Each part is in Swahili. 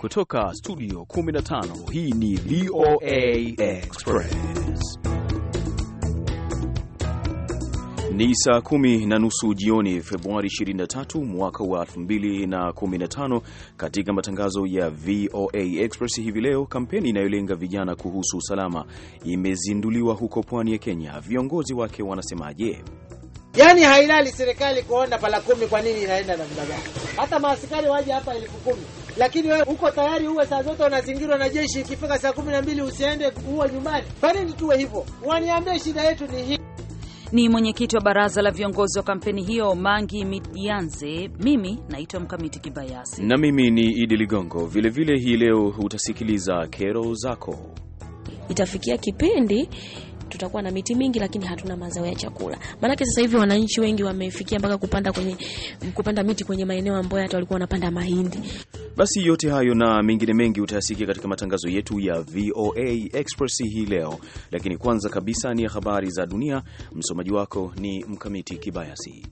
Kutoka studio 15 hii ni VOA Express. Ni saa kumi na nusu jioni Februari 23 mwaka wa 2015. Katika matangazo ya VOA Express hivi leo, kampeni inayolenga vijana kuhusu usalama imezinduliwa huko pwani ya Kenya. Viongozi wake wanasemaje? Yaani hailali serikali kuona pala kumi, kwa nini inaenda na muda gani? Hata maaskari waje hapa elfu kumi, lakini wewe uko tayari uwe saa zote unazingirwa na jeshi, ikifika saa kumi na mbili usiende uwe nyumbani? Kwa nini tuwe hivyo? Waniambie, shida yetu ni hii. Ni mwenyekiti wa baraza la viongozi wa kampeni hiyo Mangi Midianze. Mimi naitwa Mkamiti Kibayasi na mimi ni Idi Ligongo. Vilevile hii leo utasikiliza kero zako. Itafikia kipindi tutakuwa na miti mingi, lakini hatuna mazao ya chakula. Maanake sasa hivi wananchi wengi wamefikia mpaka kupanda kwenye kupanda miti kwenye maeneo ambayo hata walikuwa wanapanda mahindi. Basi yote hayo na mengine mengi utayasikia katika matangazo yetu ya VOA Express hii leo, lakini kwanza kabisa ni habari za dunia. Msomaji wako ni Mkamiti Kibayasi.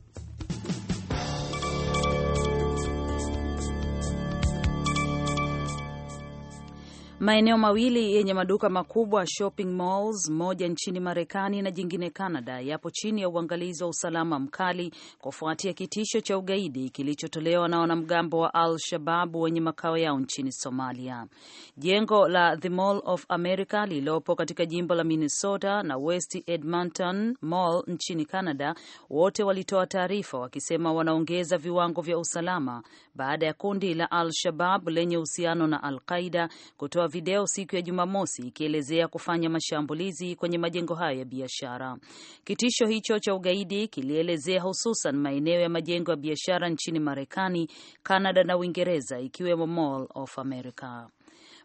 Maeneo mawili yenye maduka makubwa shopping malls, moja nchini Marekani na jingine Canada, yapo chini ya uangalizi wa usalama mkali kufuatia kitisho cha ugaidi kilichotolewa na wanamgambo wa Al Shababu wenye makao yao nchini Somalia. Jengo la The Mall of America lililopo katika jimbo la Minnesota na West Edmonton Mall nchini Canada, wote walitoa taarifa wakisema wanaongeza viwango vya usalama baada ya kundi la Al-Shabab lenye uhusiano na Al-Qaida kutoa video siku ya Jumamosi ikielezea kufanya mashambulizi kwenye majengo hayo ya biashara. Kitisho hicho cha ugaidi kilielezea hususan maeneo ya majengo ya biashara nchini Marekani, Kanada na Uingereza, ikiwemo Mall of America.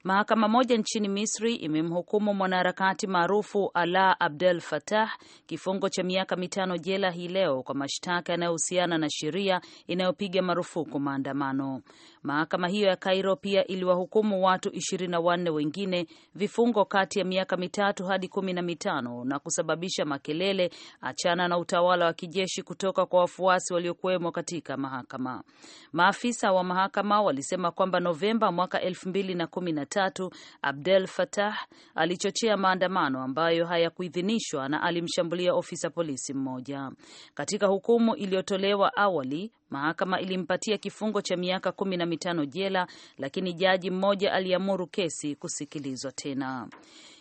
Mahakama moja nchini Misri imemhukumu mwanaharakati maarufu Ala Abdel Fattah kifungo cha miaka mitano jela hii leo kwa mashtaka yanayohusiana na sheria inayopiga marufuku maandamano. Mahakama hiyo ya Kairo pia iliwahukumu watu ishirini na wanne wengine vifungo kati ya miaka mitatu hadi kumi na mitano na kusababisha makelele, achana na utawala wa kijeshi kutoka kwa wafuasi waliokuwemo katika mahakama. Maafisa wa mahakama walisema kwamba Novemba mwaka elfu mbili na kumi na tatu Abdel Fattah alichochea maandamano ambayo hayakuidhinishwa na alimshambulia ofisa polisi mmoja. Katika hukumu iliyotolewa awali, Mahakama ilimpatia kifungo cha miaka kumi na mitano jela, lakini jaji mmoja aliamuru kesi kusikilizwa tena.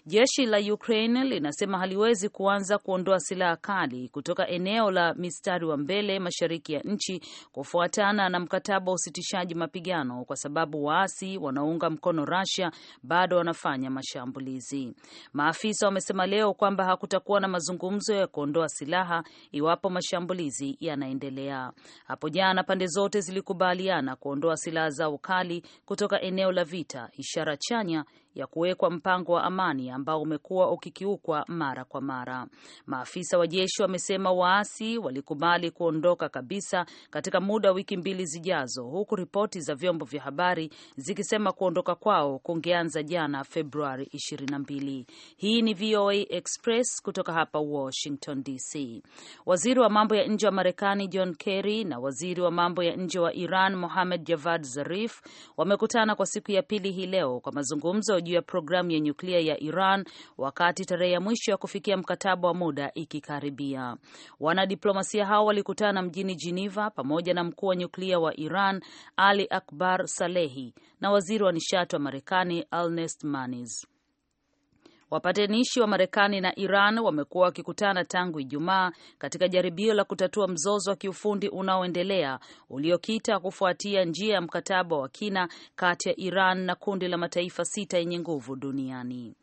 Jeshi la Ukraine linasema haliwezi kuanza kuondoa silaha kali kutoka eneo la mistari wa mbele mashariki ya nchi kufuatana na mkataba wa usitishaji mapigano kwa sababu waasi wanaounga mkono Russia bado wanafanya mashambulizi. Maafisa wamesema leo kwamba hakutakuwa na mazungumzo ya kuondoa silaha iwapo mashambulizi yanaendelea. Hapo jana pande zote zilikubaliana kuondoa silaha zao kali kutoka eneo la vita, ishara chanya ya kuwekwa mpango wa amani ambao umekuwa ukikiukwa mara kwa mara. Maafisa wa jeshi wamesema waasi walikubali kuondoka kabisa katika muda wa wiki mbili zijazo, huku ripoti za vyombo vya habari zikisema kuondoka kwao kungeanza jana Februari 22. Hii ni VOA Express kutoka hapa Washington DC. Waziri wa mambo ya nje wa Marekani John Kerry na waziri wa mambo ya nje wa Iran Mohamed Javad Zarif wamekutana kwa siku ya pili hii leo kwa mazungumzo juu ya programu ya nyuklia ya Iran wakati tarehe ya mwisho ya kufikia mkataba wa muda ikikaribia. Wanadiplomasia hao walikutana mjini Geneva pamoja na mkuu wa nyuklia wa Iran Ali Akbar Salehi na waziri wa nishati wa Marekani Alnest Maniz. Wapatanishi wa Marekani na Iran wamekuwa wakikutana tangu Ijumaa katika jaribio la kutatua mzozo wa kiufundi unaoendelea uliokita kufuatia njia ya mkataba wa kina kati ya Iran na kundi la mataifa sita yenye nguvu duniani.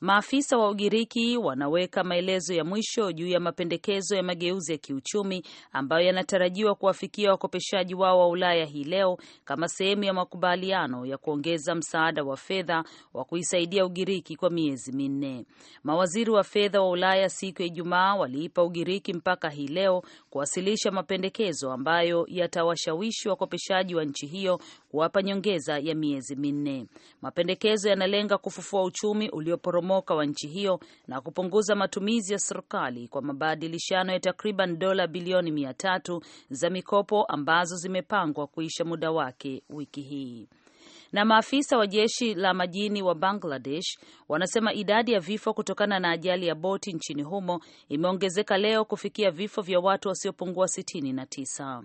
Maafisa wa Ugiriki wanaweka maelezo ya mwisho juu ya mapendekezo ya mageuzi ya kiuchumi ambayo yanatarajiwa kuwafikia wakopeshaji wao wa Ulaya hii leo kama sehemu ya makubaliano ya kuongeza msaada wa fedha wa kuisaidia Ugiriki kwa miezi minne. Mawaziri wa fedha wa Ulaya siku ya Ijumaa waliipa Ugiriki mpaka hii leo kuwasilisha mapendekezo ambayo yatawashawishi wakopeshaji wa nchi hiyo kuwapa nyongeza ya miezi minne. Mapendekezo yanalenga kufufua uchumi ulioporomoka kuporomoka wa nchi hiyo na kupunguza matumizi ya serikali kwa mabadilishano ya takriban dola bilioni mia tatu za mikopo ambazo zimepangwa kuisha muda wake wiki hii na maafisa wa jeshi la majini wa Bangladesh wanasema idadi ya vifo kutokana na ajali ya boti nchini humo imeongezeka leo kufikia vifo vya watu wasiopungua sitini na tisa.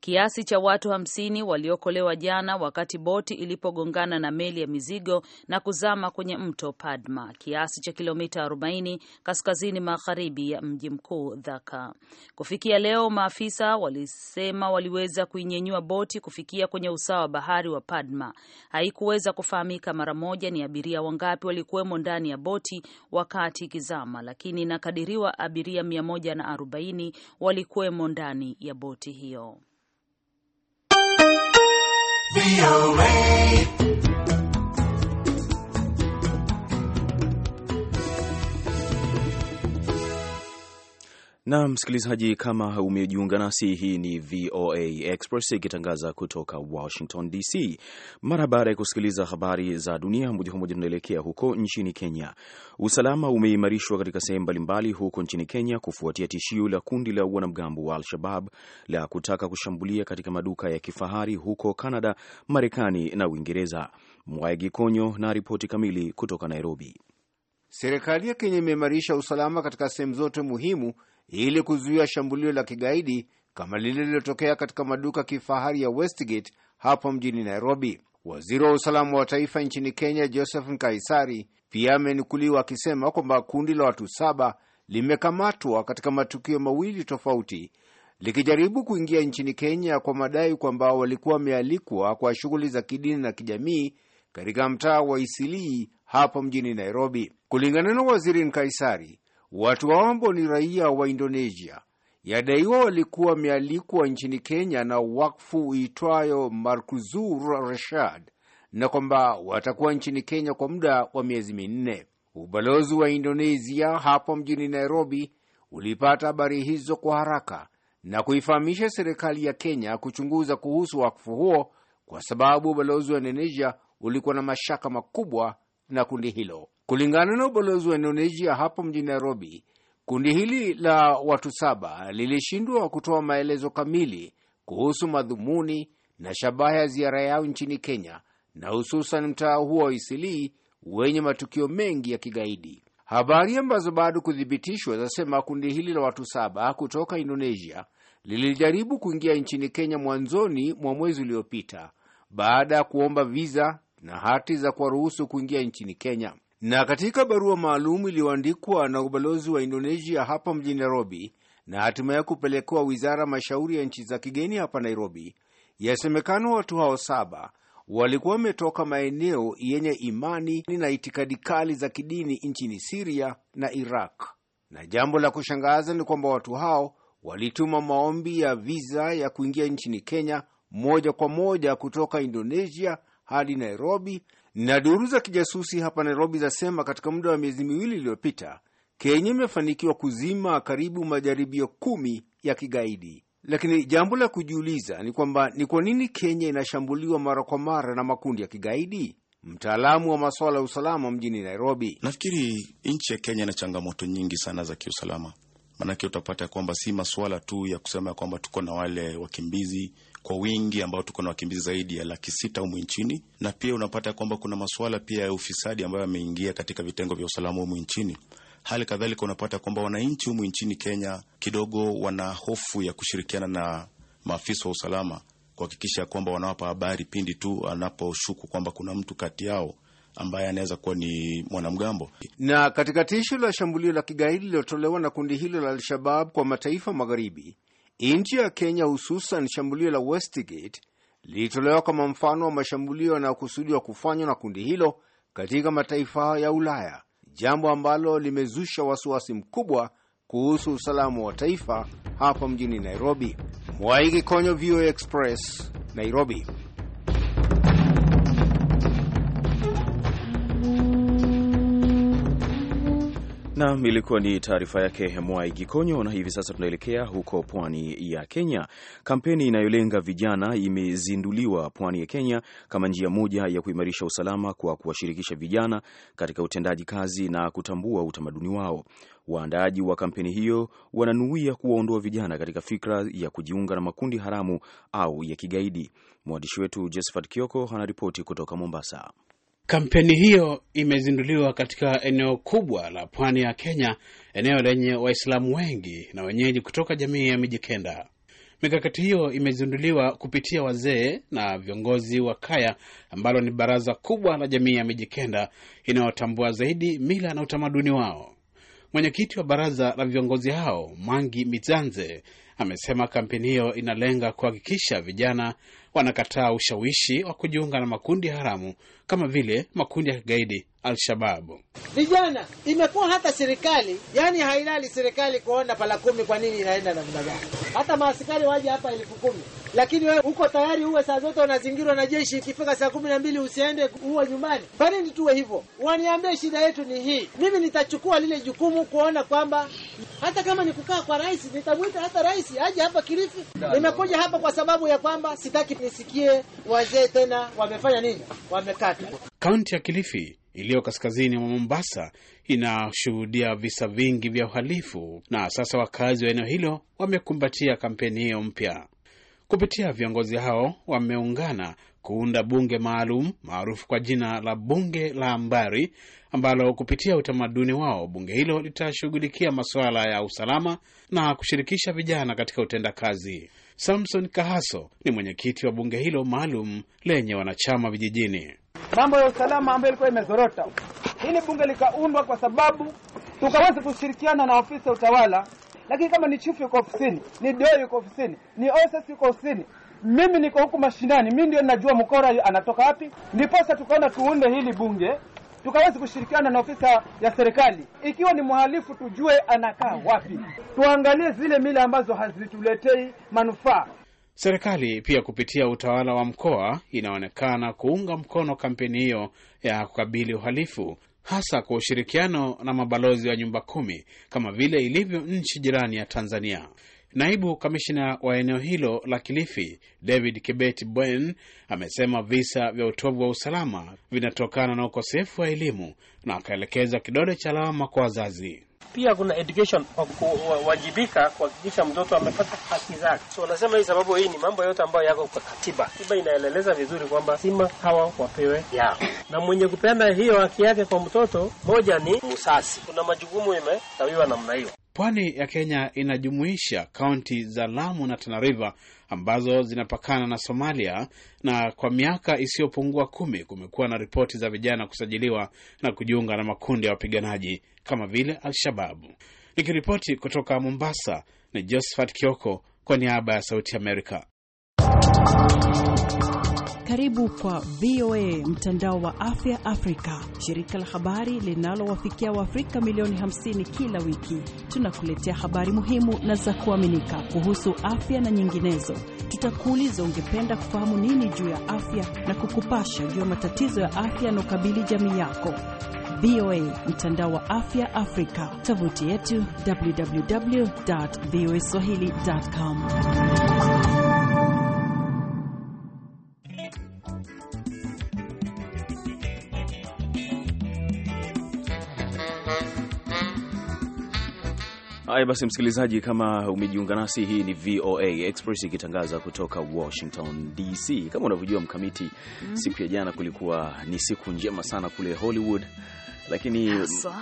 Kiasi cha watu hamsini waliokolewa jana wakati boti ilipogongana na meli ya mizigo na kuzama kwenye mto Padma, kiasi cha kilomita 40 kaskazini magharibi ya mji mkuu Dhaka. Kufikia leo, maafisa walisema waliweza kuinyenyua boti kufikia kwenye usawa wa bahari wa Padma. Haikuweza kufahamika mara moja ni abiria wangapi walikuwemo ndani ya boti wakati ikizama, lakini inakadiriwa abiria 140 walikuwemo ndani ya boti hiyo. VOA na msikilizaji, kama umejiunga nasi, hii ni VOA Express ikitangaza kutoka Washington DC. Mara baada ya kusikiliza habari za dunia, moja kwa moja tunaelekea huko nchini Kenya. Usalama umeimarishwa katika sehemu mbalimbali huko nchini Kenya kufuatia tishio la kundi la wanamgambo wa Al-Shabab la kutaka kushambulia katika maduka ya kifahari huko canada Marekani na Uingereza. Mwaegi Konyo na ripoti kamili kutoka Nairobi. Serikali ya Kenya imeimarisha usalama katika sehemu zote muhimu ili kuzuia shambulio la kigaidi kama lile lililotokea katika maduka kifahari ya Westgate hapo mjini Nairobi. Waziri wa usalama wa taifa nchini Kenya Joseph Nkaisari pia amenukuliwa akisema kwamba kundi la watu saba limekamatwa katika matukio mawili tofauti likijaribu kuingia nchini Kenya kwa madai kwamba walikuwa wamealikwa kwa, shughuli za kidini na kijamii katika mtaa wa Isilii hapo mjini Nairobi. Kulingana na waziri Nkaisari, Watu waambo ni raia wa Indonesia. Yadaiwa walikuwa wamealikwa nchini Kenya na wakfu uitwayo Markuzur Rashad na kwamba watakuwa nchini Kenya kwa muda wa miezi minne. Ubalozi wa Indonesia hapo mjini Nairobi ulipata habari hizo kwa haraka na kuifahamisha serikali ya Kenya kuchunguza kuhusu wakfu huo, kwa sababu ubalozi wa Indonesia ulikuwa na mashaka makubwa na kundi hilo. Kulingana na ubalozi wa Indonesia hapo mjini Nairobi, kundi hili la watu saba lilishindwa kutoa maelezo kamili kuhusu madhumuni na shabaha ya ziara yao nchini Kenya na hususan mtaa huo wa Isilii wenye matukio mengi ya kigaidi. Habari ambazo bado kuthibitishwa zasema kundi hili la watu saba kutoka Indonesia lilijaribu kuingia nchini Kenya mwanzoni mwa mwezi uliopita baada ya kuomba viza na hati za kuwaruhusu kuingia nchini Kenya. Na katika barua maalum iliyoandikwa na ubalozi wa Indonesia hapa mjini Nairobi na hatimaye kupelekewa wizara mashauri ya nchi za kigeni hapa Nairobi, yasemekana watu hao saba walikuwa wametoka maeneo yenye imani na itikadi kali za kidini nchini Siria na Iraq. Na jambo la kushangaza ni kwamba watu hao walituma maombi ya viza ya kuingia nchini Kenya moja kwa moja kutoka Indonesia hadi Nairobi na duru za kijasusi hapa Nairobi zasema katika muda wa miezi miwili iliyopita, Kenya imefanikiwa kuzima karibu majaribio kumi ya kigaidi. Lakini jambo la kujiuliza ni kwamba ni kwa nini Kenya inashambuliwa mara kwa mara na makundi ya kigaidi? Mtaalamu wa masuala ya usalama mjini Nairobi: nafikiri nchi ya Kenya ina changamoto nyingi sana za kiusalama, maanake utapata kwamba si masuala tu ya kusema ya kwamba tuko na wale wakimbizi kwa wingi ambao tuko na wakimbizi zaidi ya laki sita humu nchini, na pia unapata kwamba kuna masuala pia ya ufisadi ambayo yameingia katika vitengo vya usalama humu nchini. Hali kadhalika unapata kwamba wananchi humu nchini Kenya kidogo wana hofu ya kushirikiana na maafisa wa usalama kuhakikisha kwamba wanawapa habari pindi tu anaposhuku kwamba kuna mtu kati yao ambaye anaweza kuwa ni mwanamgambo. Na katika tisho la shambulio la kigaidi lililotolewa na kundi hilo la Al-Shabab kwa mataifa magharibi, Nchi ya Kenya, hususan shambulio la Westgate lilitolewa kama mfano wa mashambulio yanayokusudiwa kufanywa na kundi hilo katika mataifa ya Ulaya, jambo ambalo limezusha wasiwasi mkubwa kuhusu usalama wa taifa hapa mjini Nairobi. Mwaiki Konyo, VOA Express, Nairobi. Nam, ilikuwa ni taarifa yake Mwai Gikonyo. Na hivi sasa tunaelekea huko pwani ya Kenya. Kampeni inayolenga vijana imezinduliwa pwani ya Kenya kama njia moja ya kuimarisha usalama kwa kuwashirikisha vijana katika utendaji kazi na kutambua utamaduni wao. Waandaaji wa kampeni hiyo wananuia kuwaondoa vijana katika fikra ya kujiunga na makundi haramu au ya kigaidi. Mwandishi wetu Josephat Kioko anaripoti kutoka Mombasa. Kampeni hiyo imezinduliwa katika eneo kubwa la pwani ya Kenya, eneo lenye Waislamu wengi na wenyeji kutoka jamii ya Mijikenda. Mikakati hiyo imezinduliwa kupitia wazee na viongozi wa Kaya, ambalo ni baraza kubwa la jamii ya Mijikenda inayotambua zaidi mila na utamaduni wao. Mwenyekiti wa baraza la viongozi hao Mangi Mizanze amesema kampeni hiyo inalenga kuhakikisha vijana wanakataa ushawishi wa kujiunga na makundi haramu kama vile makundi ya kigaidi Alshababu. Vijana imekuwa hata serikali yani hailali serikali kuona pala kumi, kwa nini inaenda namna gani? Hata maasikari waje hapa elfu kumi lakini wewe uko tayari uwe saa zote unazingirwa na jeshi, ikifika saa kumi na mbili usiende uwe nyumbani. Kwa nini tuwe hivyo? Waniambie shida yetu ni hii. Mimi nitachukua lile jukumu kuona kwamba hata kama ni kukaa kwa rais, nitamwita hata rais aje hapa Kilifi. Nimekuja hapa kwa sababu ya kwamba sitaki nisikie wazee tena wamefanya nini, wamekata. Kaunti ya Kilifi iliyo kaskazini mwa Mombasa inashuhudia visa vingi vya uhalifu, na sasa wakazi wa eneo hilo wamekumbatia kampeni hiyo mpya. Kupitia viongozi hao wameungana kuunda bunge maalum maarufu kwa jina la bunge la mbari ambalo kupitia utamaduni wao bunge hilo litashughulikia masuala ya usalama na kushirikisha vijana katika utendakazi. Samson Kahaso ni mwenyekiti wa bunge hilo maalum lenye wanachama vijijini. Mambo ya usalama ambayo ilikuwa imezorota, hili bunge likaundwa kwa sababu tukaweza kushirikiana na ofisi ya utawala lakini kama ni chifu yuko ofisini, ni deo yuko ofisini, ni OSS yuko ofisini, mimi niko huku mashinani, mimi ndio ninajua mkora anatoka wapi. Ndiposa tukaona tuunde hili bunge tukawezi kushirikiana na ofisa ya serikali. Ikiwa ni mhalifu, tujue anakaa wapi, tuangalie zile mila ambazo hazituletei manufaa. Serikali pia kupitia utawala wa mkoa inaonekana kuunga mkono kampeni hiyo ya kukabili uhalifu hasa kwa ushirikiano na mabalozi wa nyumba kumi kama vile ilivyo nchi jirani ya Tanzania. Naibu kamishina wa eneo hilo la Kilifi, David Kibet Bwen, amesema visa vya utovu wa usalama vinatokana na ukosefu wa elimu na akaelekeza kidole cha lawama kwa wazazi pia kuna education kwa kuwajibika kuhakikisha mtoto amepata haki zake. So unasema hii sababu, hii ni mambo yote ambayo yako kwa katiba. Katiba inaeleleza vizuri kwamba sima hawa wapewe yao, na mwenye kupeana hiyo haki yake kwa mtoto moja ni musasi. Kuna majukumu imetawiwa namna hiyo. Pwani ya Kenya inajumuisha kaunti za Lamu na Tana River ambazo zinapakana na Somalia, na kwa miaka isiyopungua kumi kumekuwa na ripoti za vijana kusajiliwa na kujiunga na makundi ya wapiganaji kama vile Al-Shababu. Nikiripoti kutoka Mombasa ni Josephat Kioko kwa niaba ya Sauti Amerika. Karibu kwa VOA mtandao wa afya Afrika, shirika la habari linalowafikia Waafrika milioni 50 kila wiki. Tunakuletea habari muhimu na za kuaminika kuhusu afya na nyinginezo. Tutakuuliza ungependa kufahamu nini juu ya afya na kukupasha juu ya matatizo ya afya yanayokabili jamii yako. VOA mtandao wa afya Afrika, tovuti yetu www voa swahili.com. Haya basi, msikilizaji, kama umejiunga nasi, hii ni VOA Express ikitangaza kutoka Washington DC. Kama unavyojua mkamiti, mm. siku ya jana kulikuwa ni siku njema sana kule Hollywood, lakini Asa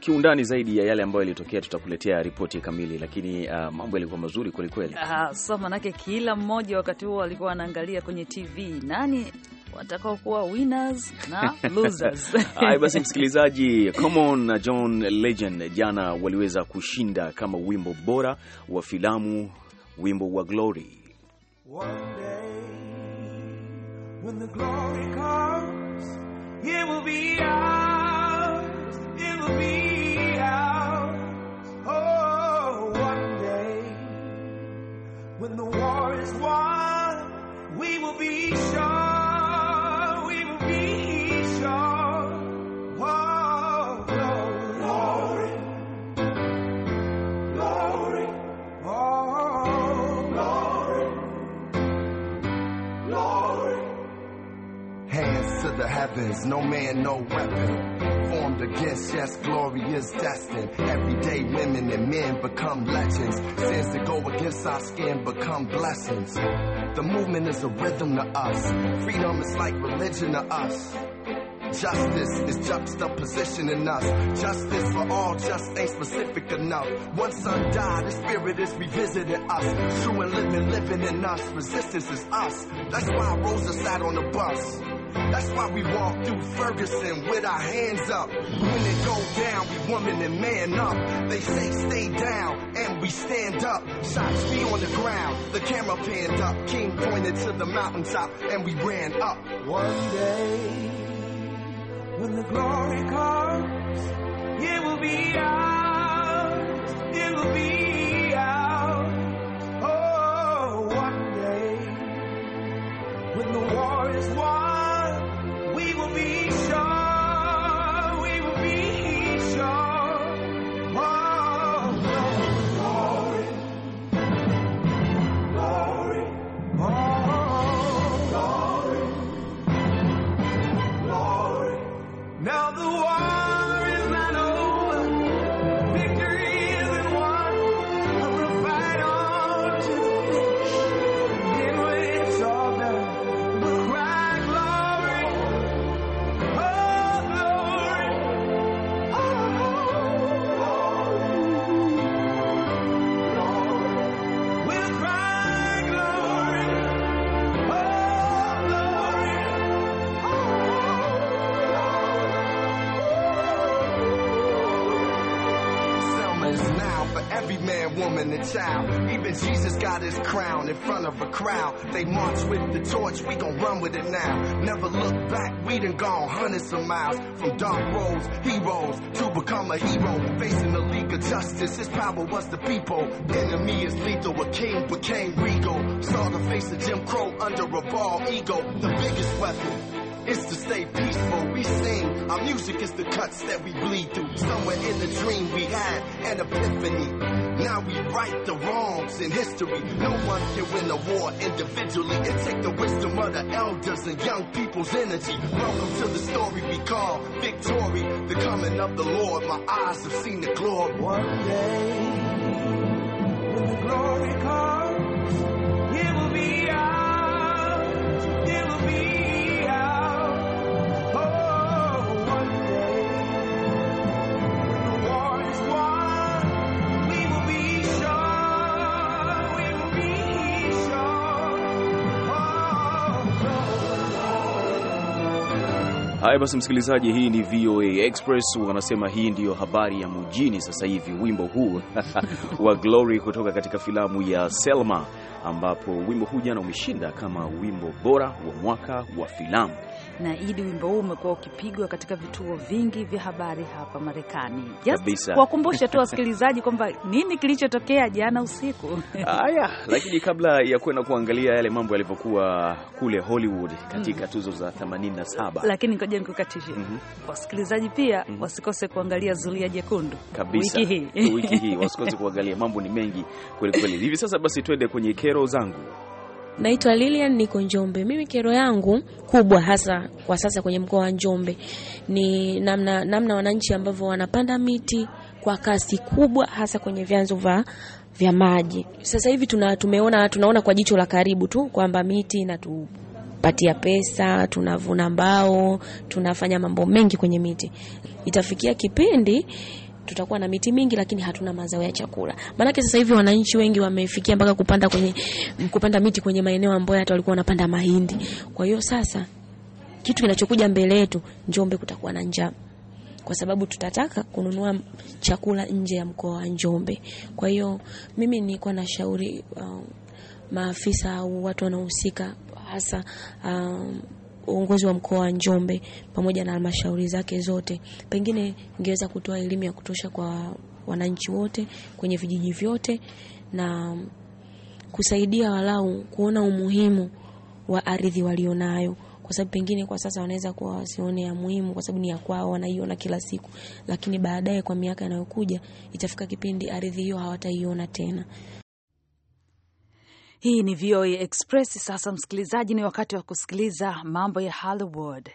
kiundani zaidi ya yale ambayo yalitokea tutakuletea ripoti kamili, lakini uh, mambo yalikuwa mazuri kwelikweli. Uh, so manake kila mmoja wakati huo alikuwa anaangalia kwenye TV nani watakaokuwa winners na losers. Hai, basi, msikilizaji, Common na John Legend jana waliweza kushinda kama wimbo bora wa filamu, wimbo wa Glory. One day, when the glory comes, it will be ours, it will be ours. Oh, one day, when the war is won, we will be sure. the heavens, no man, no weapon. Formed against, yes, glory is destined. Everyday women and men become legends. Sins that go against our skin become blessings. The movement is a rhythm to us. Freedom is like religion to us. Justice is juxtapositioning us. Justice for all just ain't specific enough. Once son died, the spirit is revisiting us. True and living, living in us. Resistance is us. That's why Rosa sat on the bus. That's why we walk through Ferguson with our hands up. When it go down, we woman and man up. They say stay down, and we stand up. Shots be on the ground, the camera panned up. King pointed to the mountaintop, and we ran up. One day, when the glory comes, it will be ours. It will be ours. Oh, one day, when the war is won. crowd. They march with the torch, we gon' run with it now. Never look back, we done gone hundreds of miles. From dark roads, heroes, to become a hero. Facing the League of Justice, his power was the people. Enemy is lethal, a king became regal. Saw the face of Jim Crow under a bald ego, the biggest weapon. It's to stay peaceful, we sing. Our music is the cuts that we bleed through. Somewhere in the dream we had an epiphany. Now we right the wrongs in history. No one can win the war individually and take the wisdom of the elders and young people's energy. Welcome to the story we call victory. The coming of the Lord, my eyes have seen the glory. One day, when the glory comes. Haya basi, msikilizaji, hii ni VOA Express. Wanasema hii ndiyo habari ya mjini sasa hivi. Wimbo huu wa Glory kutoka katika filamu ya Selma, ambapo wimbo huu jana umeshinda kama wimbo bora wa mwaka wa filamu na Idi, wimbo huu umekuwa ukipigwa katika vituo vingi vya habari hapa Marekani. Just kuwakumbusha tu wasikilizaji kwamba nini kilichotokea jana usiku. Haya, lakini kabla ya kwenda kuangalia yale mambo yalivyokuwa kule Hollywood katika mm, tuzo za 87 lakini ngoja nikukatishe, mm -hmm. wasikilizaji pia mm -hmm. wasikose kuangalia Zulia Jekundu kabisa wiki hii, wiki hii wasikose kuangalia, mambo ni mengi kweli kweli. Hivi sasa basi twende kwenye kero zangu. Naitwa Lilian, niko Njombe. Mimi kero yangu kubwa hasa kwa sasa kwenye mkoa wa Njombe ni namna, namna wananchi ambavyo wanapanda miti kwa kasi kubwa hasa kwenye vyanzo vya vya maji. Sasa hivi tuna, tumeona tunaona kwa jicho la karibu tu kwamba miti inatupatia pesa, tunavuna mbao, tunafanya mambo mengi kwenye miti. Itafikia kipindi tutakuwa na miti mingi, lakini hatuna mazao ya chakula. maana sasa hivi wananchi wengi wamefikia mpaka kupanda kwenye kupanda miti kwenye maeneo ambayo hata walikuwa wanapanda mahindi. Kwa hiyo sasa kitu kinachokuja mbele yetu, Njombe kutakuwa na njaa kwa sababu tutataka kununua chakula nje ya mkoa wa Njombe. Kwa hiyo mimi nilikuwa na shauri um, maafisa au watu wanaohusika hasa um, uongozi wa mkoa wa Njombe pamoja na halmashauri zake zote, pengine ingeweza kutoa elimu ya kutosha kwa wananchi wote kwenye vijiji vyote na kusaidia walau kuona umuhimu wa ardhi walionayo, kwa sababu pengine kwa sasa wanaweza kuwa wasione ya muhimu, kwa sababu ni ya kwao, wanaiona kila siku, lakini baadaye kwa miaka inayokuja itafika kipindi ardhi hiyo hawataiona tena. Hii ni VOA Express. Sasa msikilizaji, ni wakati wa kusikiliza mambo ya Hollywood.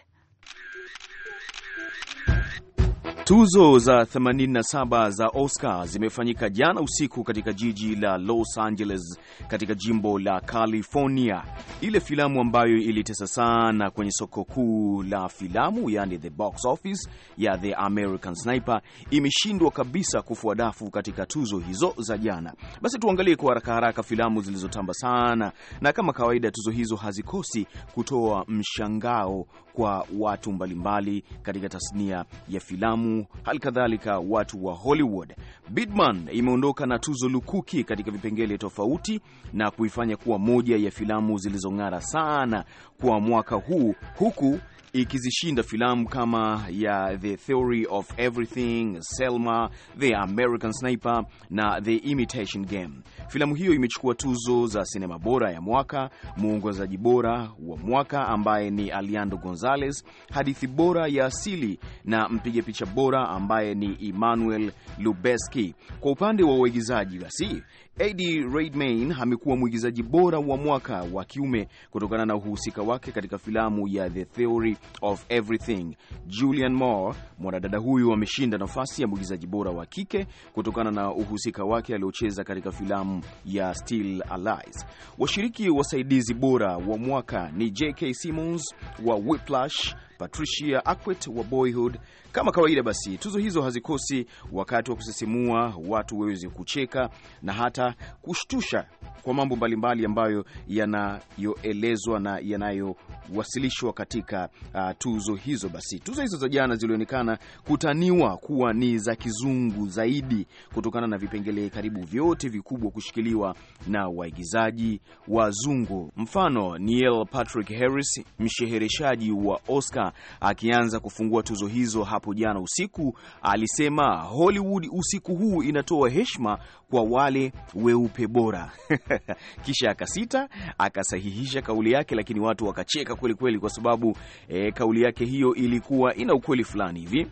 Tuzo za 87 za Oscar zimefanyika jana usiku katika jiji la Los Angeles katika jimbo la California. Ile filamu ambayo ilitesa sana kwenye soko kuu la filamu, yani the box office ya The American Sniper imeshindwa kabisa kufua dafu katika tuzo hizo za jana. Basi tuangalie kwa haraka haraka filamu zilizotamba sana, na kama kawaida tuzo hizo hazikosi kutoa mshangao kwa watu mbalimbali katika tasnia ya filamu, hali kadhalika watu wa Hollywood. Bidman imeondoka na tuzo lukuki katika vipengele tofauti na kuifanya kuwa moja ya filamu zilizong'ara sana kwa mwaka huu huku ikizishinda filamu kama ya The Theory of Everything, Selma, The American Sniper na The Imitation Game. Filamu hiyo imechukua tuzo za sinema bora ya mwaka, muongozaji bora wa mwaka ambaye ni aliando Gonzalez, hadithi bora ya asili na mpiga picha bora ambaye ni Emmanuel Lubezki. Kwa upande wa uigizaji basi Eddie Redmayne amekuwa mwigizaji bora wa mwaka wa kiume kutokana na uhusika wake katika filamu ya The Theory of Everything. Julian Moore, mwanadada huyu ameshinda nafasi ya mwigizaji bora wa kike kutokana na uhusika wake aliocheza katika filamu ya Still Allies. Washiriki wasaidizi bora wa mwaka ni J.K. Simmons wa Whiplash, Patricia Arquette wa Boyhood, kama kawaida, basi tuzo hizo hazikosi wakati wa kusisimua watu, waweze kucheka na hata kushtusha kwa mambo mbalimbali ambayo yanayoelezwa na yanayowasilishwa katika uh, tuzo hizo. Basi tuzo hizo za jana zilionekana kutaniwa kuwa ni za kizungu zaidi kutokana na vipengele karibu vyote vikubwa kushikiliwa na waigizaji wazungu. Mfano, Neil Patrick Harris, mshehereshaji wa Oscar, akianza kufungua tuzo hizo hapo jana usiku, alisema Hollywood usiku huu inatoa heshima kwa wale weupe bora. Kisha akasita akasahihisha kauli yake, lakini watu wakacheka kweli kweli, kwa sababu e, kauli yake hiyo ilikuwa ina ukweli fulani hivi.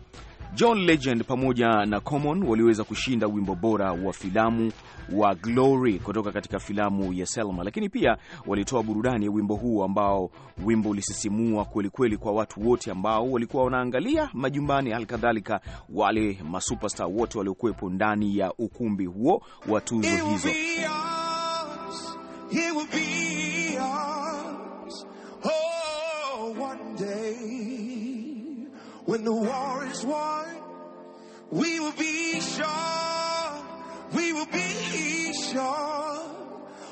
John Legend pamoja na Common waliweza kushinda wimbo bora wa filamu wa Glory kutoka katika filamu ya Selma, lakini pia walitoa burudani ya wimbo huu ambao wimbo ulisisimua kwelikweli kwa watu wote ambao walikuwa wanaangalia majumbani, halikadhalika wale masupesta wote waliokuwepo ndani ya ukumbi huo wa tuzo hizo. When the war is won, we will be sure, we will be sure.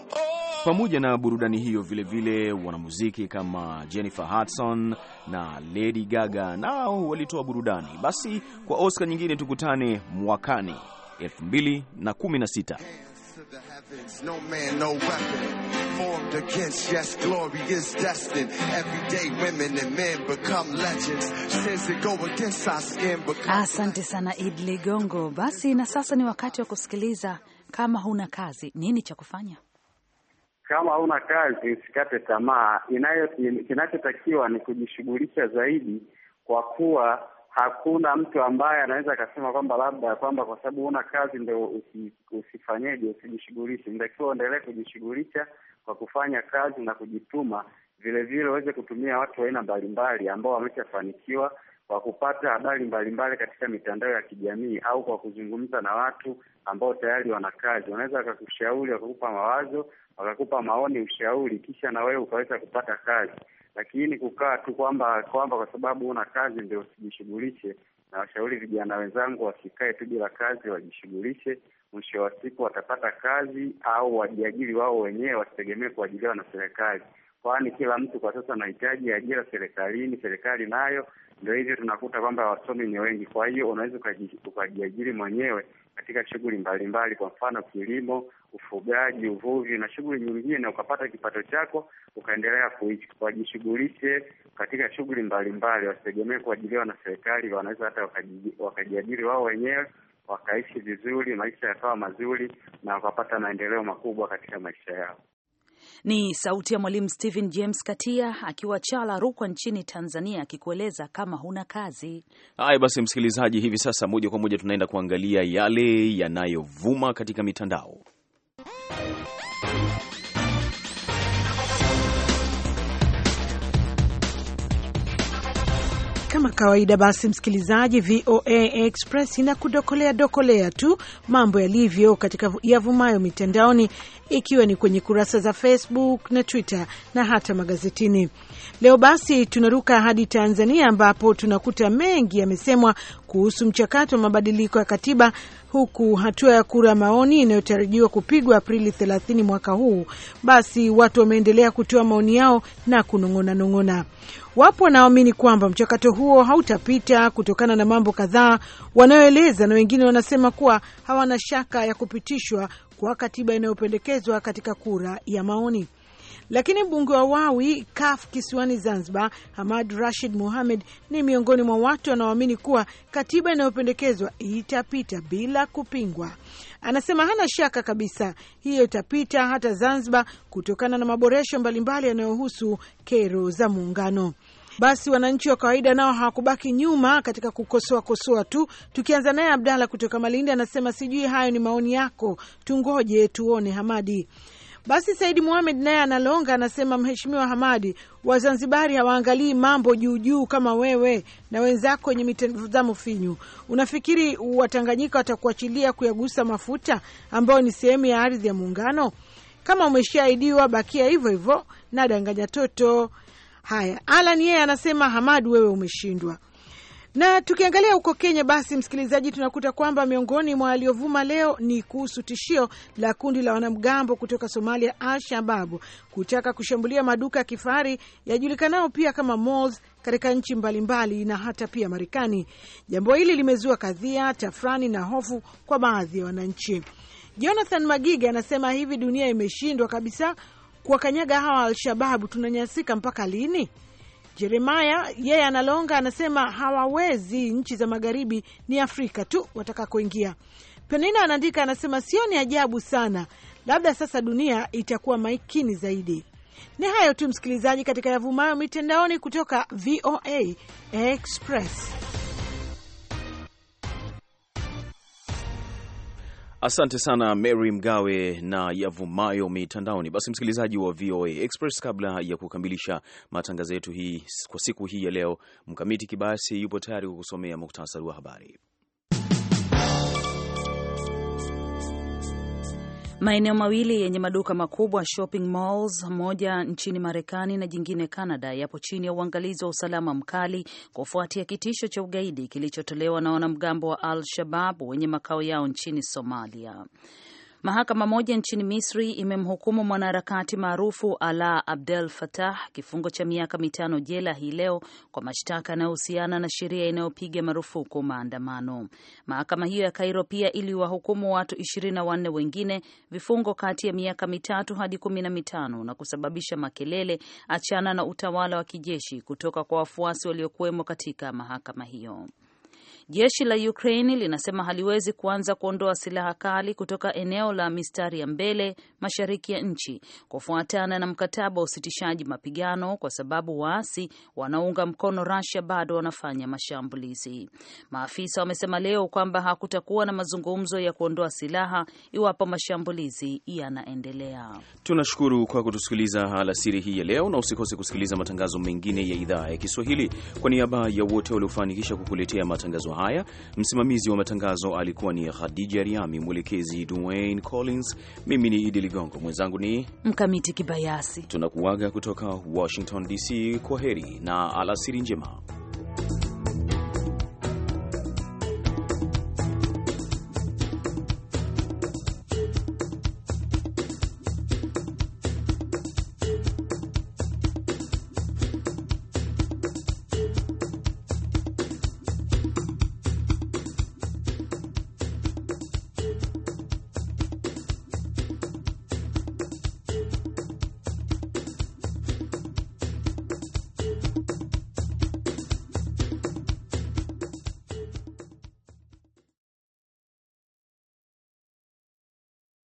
Oh. Pamoja na burudani hiyo vilevile, wanamuziki kama Jennifer Hudson na Lady Gaga nao walitoa burudani. Basi kwa Oscar nyingine tukutane mwakani 2016 to the heavens, No man, no weapon formed against. Yes, glory is destined. Everyday women and men become legends. Since that go against our skin become... Asante sana Idli Gongo. Basi na sasa ni wakati wa kusikiliza. Kama huna kazi, nini cha kufanya? Kama huna kazi, usikate tamaa. Kinachotakiwa ni kujishughulisha zaidi, kwa kuwa hakuna mtu ambaye anaweza akasema kwamba labda kwamba kwa sababu una kazi ndo usi, usifanyeje usijishughulishe. Inatakiwa uendelee kujishughulisha kwa kufanya kazi na kujituma, vilevile uweze kutumia watu wa aina mbalimbali ambao wameshafanikiwa kwa kupata habari mbalimbali katika mitandao ya kijamii au kwa kuzungumza na watu ambao tayari wana kazi. Wanaweza wakakushauri, wakakupa mawazo, wakakupa maoni, ushauri, kisha na wewe ukaweza kupata kazi lakini kukaa tu kwamba kwamba kwa sababu una kazi ndio usijishughulishe, na washauri vijana wenzangu wasikae tu bila kazi, wajishughulishe. Mwisho wa siku watapata kazi au wajiajiri wao wenyewe, wasitegemee kuajiliwa na serikali, kwani kila mtu kwa sasa anahitaji ajira serikalini. Serikali nayo ndio hivyo, tunakuta kwamba wasomi ni wengi, kwa hiyo unaweza ukajiajiri mwenyewe katika shughuli mbalimbali, kwa mfano kilimo ufugaji, uvuvi na shughuli nyingine, na ukapata kipato chako ukaendelea wajishughulishe katika shughuli mbalimbali, wasitegemee kuajiliwa na serikali, wanaweza hata wakajiajiri wao wenyewe wakaishi vizuri, maisha yakawa mazuri na wakapata maendeleo makubwa katika maisha yao. Ni sauti ya Mwalimu Stephen James Katia akiwa Chala, Rukwa nchini Tanzania, akikueleza kama huna kazi. Haya basi, msikilizaji, hivi sasa moja kwa moja tunaenda kuangalia yale yanayovuma katika mitandao. Kama kawaida basi, msikilizaji, VOA Express inakudokolea dokolea tu mambo yalivyo katika yavumayo mitandaoni, ikiwa ni kwenye kurasa za Facebook na Twitter na hata magazetini. Leo basi tunaruka hadi Tanzania ambapo tunakuta mengi yamesemwa kuhusu mchakato wa mabadiliko ya katiba huku hatua ya kura ya maoni inayotarajiwa kupigwa Aprili 30 mwaka huu. Basi watu wameendelea kutoa maoni yao na kunong'ona nong'ona. Wapo wanaoamini kwamba mchakato huo hautapita kutokana na mambo kadhaa wanayoeleza, na wengine wanasema kuwa hawana shaka ya kupitishwa kwa katiba inayopendekezwa katika kura ya maoni. Lakini mbunge wa Wawi kaf kisiwani Zanzibar, Hamad Rashid Muhamed ni miongoni mwa watu wanaoamini kuwa katiba inayopendekezwa itapita bila kupingwa. Anasema hana shaka kabisa hiyo itapita hata Zanzibar, kutokana na maboresho mbalimbali yanayohusu kero za muungano basi wananchi wa kawaida nao hawakubaki nyuma katika kukosoa kosoa tu. Tukianza naye Abdalla kutoka Malindi anasema, sijui hayo ni maoni yako, tungoje tuone, Hamadi. Basi Saidi Muhamed naye analonga, anasema Mheshimiwa Hamadi, Wazanzibari hawaangalii mambo juujuu kama wewe na wenzako wenye mitazamo finyu. Unafikiri Watanganyika watakuachilia kuyagusa mafuta ambayo ni sehemu ya ardhi ya Muungano? Kama umeshaahidiwa, bakia hivyo hivyo na danganya toto. Haya, Alan yeye anasema Hamad, wewe umeshindwa. Na tukiangalia huko Kenya, basi msikilizaji, tunakuta kwamba miongoni mwa waliovuma leo ni kuhusu tishio la kundi la wanamgambo kutoka Somalia, Al Shababu, kutaka kushambulia maduka ya kifahari yajulikanao pia kama malls katika nchi mbalimbali na hata pia Marekani. Jambo hili limezua kadhia, tafrani na hofu kwa baadhi ya wananchi. Jonathan Magige anasema hivi, dunia imeshindwa kabisa kuwakanyaga hawa Alshababu tunanyasika mpaka lini? Jeremaya yeye analonga, anasema hawawezi, nchi za magharibi ni Afrika tu watakakoingia. Penina anaandika anasema, sio ni ajabu sana, labda sasa dunia itakuwa makini zaidi. Ni hayo tu msikilizaji, katika yavumayo mitandaoni kutoka VOA Express. Asante sana Mary Mgawe na yavumayo mitandaoni. Basi msikilizaji wa VOA Express, kabla ya kukamilisha matangazo yetu hii kwa siku hii ya leo, Mkamiti Kibasi yupo tayari kukusomea muktasari wa habari. Maeneo mawili yenye maduka makubwa shopping malls, moja nchini Marekani na jingine Canada, yapo chini ya uangalizi wa usalama mkali kufuatia kitisho cha ugaidi kilichotolewa na wanamgambo wa Al Shabab wenye makao yao nchini Somalia. Mahakama moja nchini Misri imemhukumu mwanaharakati maarufu Ala Abdel Fattah kifungo cha miaka mitano jela hii leo kwa mashtaka yanayohusiana na sheria inayopiga marufuku maandamano. Mahakama hiyo ya Kairo pia iliwahukumu watu ishirini na wanne wengine vifungo kati ya miaka mitatu hadi kumi na mitano na kusababisha makelele achana na utawala wa kijeshi kutoka kwa wafuasi waliokuwemo katika mahakama hiyo. Jeshi la Ukraini linasema haliwezi kuanza kuondoa silaha kali kutoka eneo la mistari ya mbele mashariki ya nchi kufuatana na mkataba wa usitishaji mapigano kwa sababu waasi wanaounga mkono rasia bado wanafanya mashambulizi. Maafisa wamesema leo kwamba hakutakuwa na mazungumzo ya kuondoa silaha iwapo mashambulizi yanaendelea. Tunashukuru kwa kutusikiliza alasiri hii ya leo, na usikose kusikiliza matangazo mengine ya idhaa ya Kiswahili. Kwa niaba ya wote waliofanikisha kukuletea matangazo matangazo haya. Msimamizi wa matangazo alikuwa ni Khadija Riami, mwelekezi Dwayne Collins, mimi ni Idi Ligongo, mwenzangu ni Mkamiti Kibayasi. Tunakuaga kutoka Washington DC. Kwa heri na alasiri njema.